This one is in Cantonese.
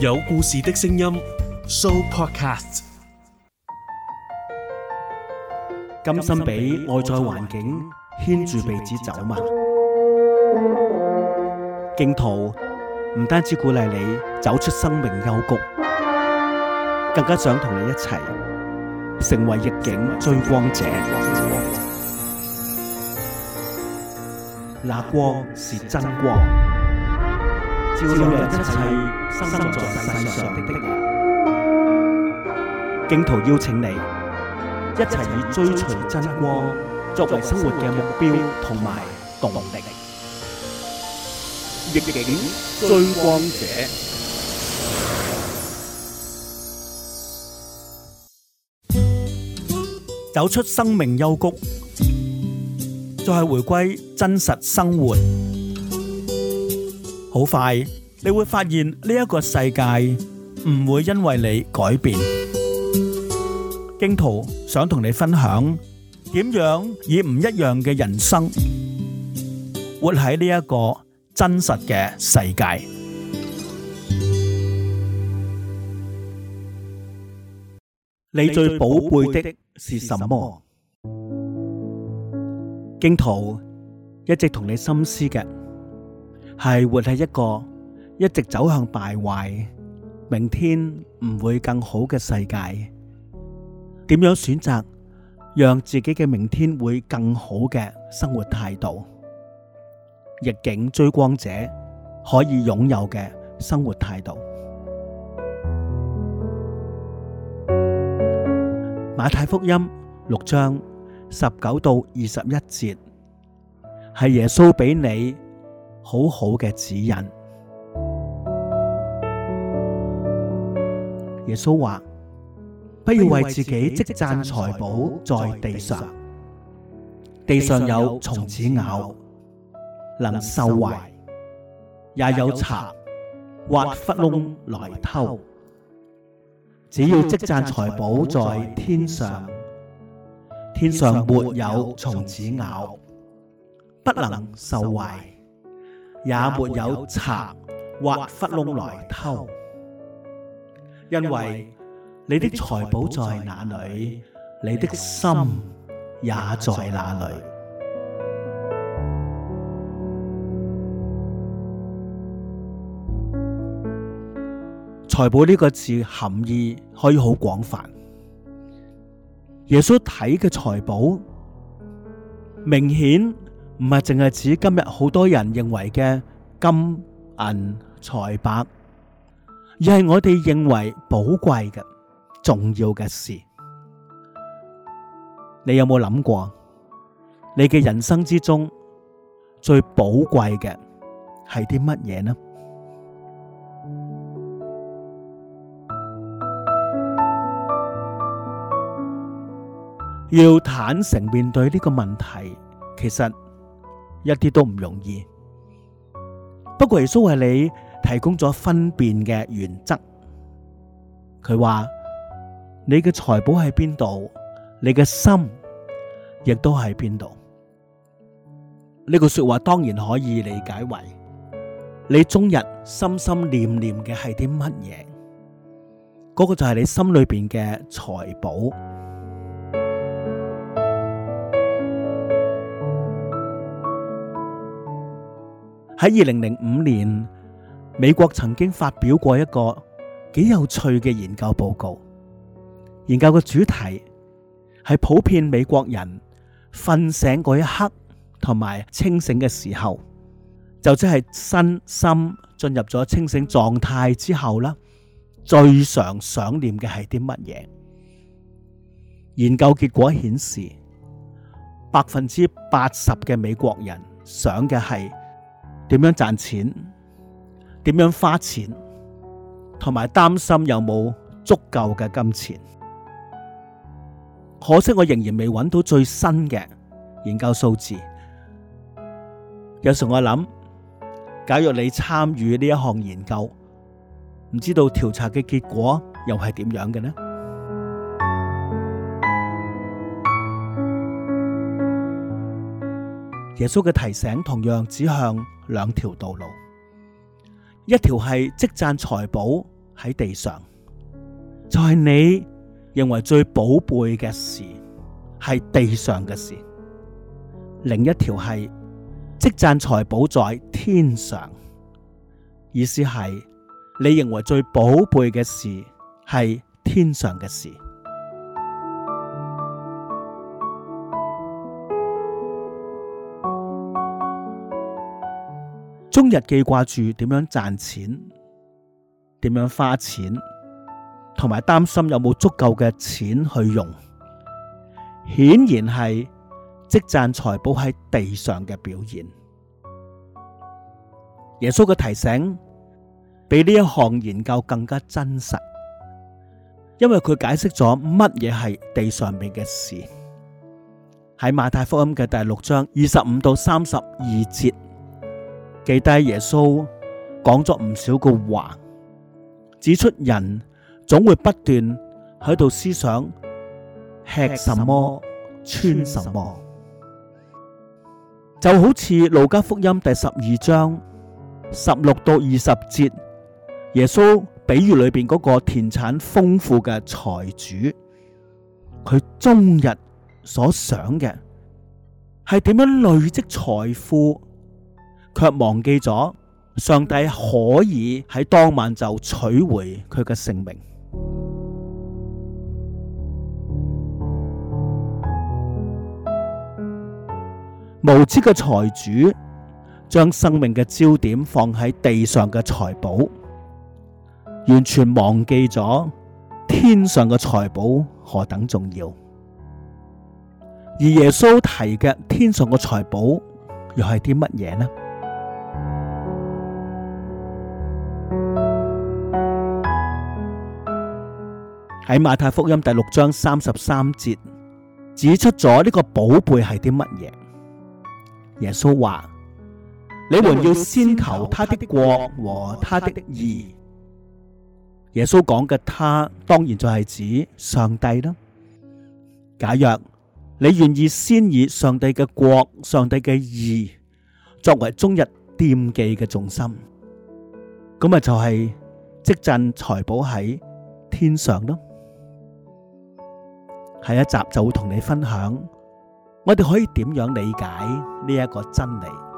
有故事的聲音，Show Podcast。甘心俾外在環境牽住鼻子走嗎？荊徒唔單止鼓勵你走出生命幽谷，更加想同你一齊成為逆境追光者。那光是真光。照亮一切生在世上的的人，荊徒邀請你一齊以追隨真光作為生活嘅目標同埋動力。逆境追光者，走出生命幽谷，就係回歸真實生活。好快，你會發現呢一個世界唔會因為你改變。荊徒想同你分享，點樣以唔一樣嘅人生，活喺呢一個真實嘅世界。你最寶貝的是什麼？荊徒一直同你心思嘅。係活喺一個一直走向敗壞，明天唔會更好嘅世界。點樣選擇讓自己嘅明天會更好嘅生活態度？逆境追光者可以擁有嘅生活態度。馬太福音六章十九到二十一節，係耶穌俾你。好好嘅指引，耶穌話：不要為自己積贊財寶在地上，地上有蟲子咬，能受壞；也有賊，挖窟窿來偷。只要積贊財寶在天上，天上沒有蟲子咬，不能受壞。也沒有賊挖窟窿來偷，因為你的財寶在哪裏，你的心也在哪裏。財寶呢個字含義可以好廣泛，耶穌睇嘅財寶，明顯。唔係淨係指今日好多人認為嘅金銀財帛，而係我哋認為寶貴嘅重要嘅事。你有冇諗過，你嘅人生之中最寶貴嘅係啲乜嘢呢？要坦誠面對呢個問題，其實。一啲都唔容易，不過耶穌為你提供咗分辨嘅原則。佢話你嘅財寶喺邊度，你嘅心亦都喺邊度。呢句說話當然可以理解為你終日心心念念嘅係啲乜嘢，嗰個就係你心裏邊嘅財寶。喺二零零五年，美國曾經發表過一個幾有趣嘅研究報告。研究嘅主題係普遍美國人瞓醒嗰一刻，同埋清醒嘅時候，就即係身心進入咗清醒狀態之後呢，最常想念嘅係啲乜嘢？研究結果顯示，百分之八十嘅美國人想嘅係。點樣賺錢？點樣花錢？同埋擔心有冇足夠嘅金錢？可惜我仍然未揾到最新嘅研究數字。有時我諗，假若你參與呢一項研究，唔知道調查嘅結果又係點樣嘅呢？耶穌嘅提醒同樣指向兩條道路，一條係積攢財寶喺地上，就係、是、你認為最寶貝嘅事係地上嘅事；另一條係積攢財寶在天上，意思係你認為最寶貝嘅事係天上嘅事。終日記掛住點樣賺錢、點樣花錢，同埋擔心有冇足夠嘅錢去用，顯然係積攢財寶喺地上嘅表現。耶穌嘅提醒比呢一項研究更加真實，因為佢解釋咗乜嘢係地上面嘅事。喺馬太福音嘅第六章二十五到三十二節。記低耶穌講咗唔少嘅話，指出人總會不斷喺度思想，吃什麼穿什麼，什麼就好似路加福音第十二章十六到二十節，耶穌比喻裏邊嗰個田產豐富嘅財主，佢終日所想嘅係點樣累積財富。卻忘記咗上帝可以喺當晚就取回佢嘅性命。無知嘅財主將生命嘅焦點放喺地上嘅財寶，完全忘記咗天上嘅財寶何等重要。而耶穌提嘅天上嘅財寶，又係啲乜嘢呢？喺馬太福音第六章三十三節指出咗呢個寶貝係啲乜嘢？耶穌話：你們要先求他的國和他的義。耶穌講嘅他當然就係指上帝啦。假若你願意先以上帝嘅國、上帝嘅義作為終日惦記嘅重心，咁咪就係積攢財寶喺天上咯。下一集就會同你分享，我哋可以點樣理解呢一個真理？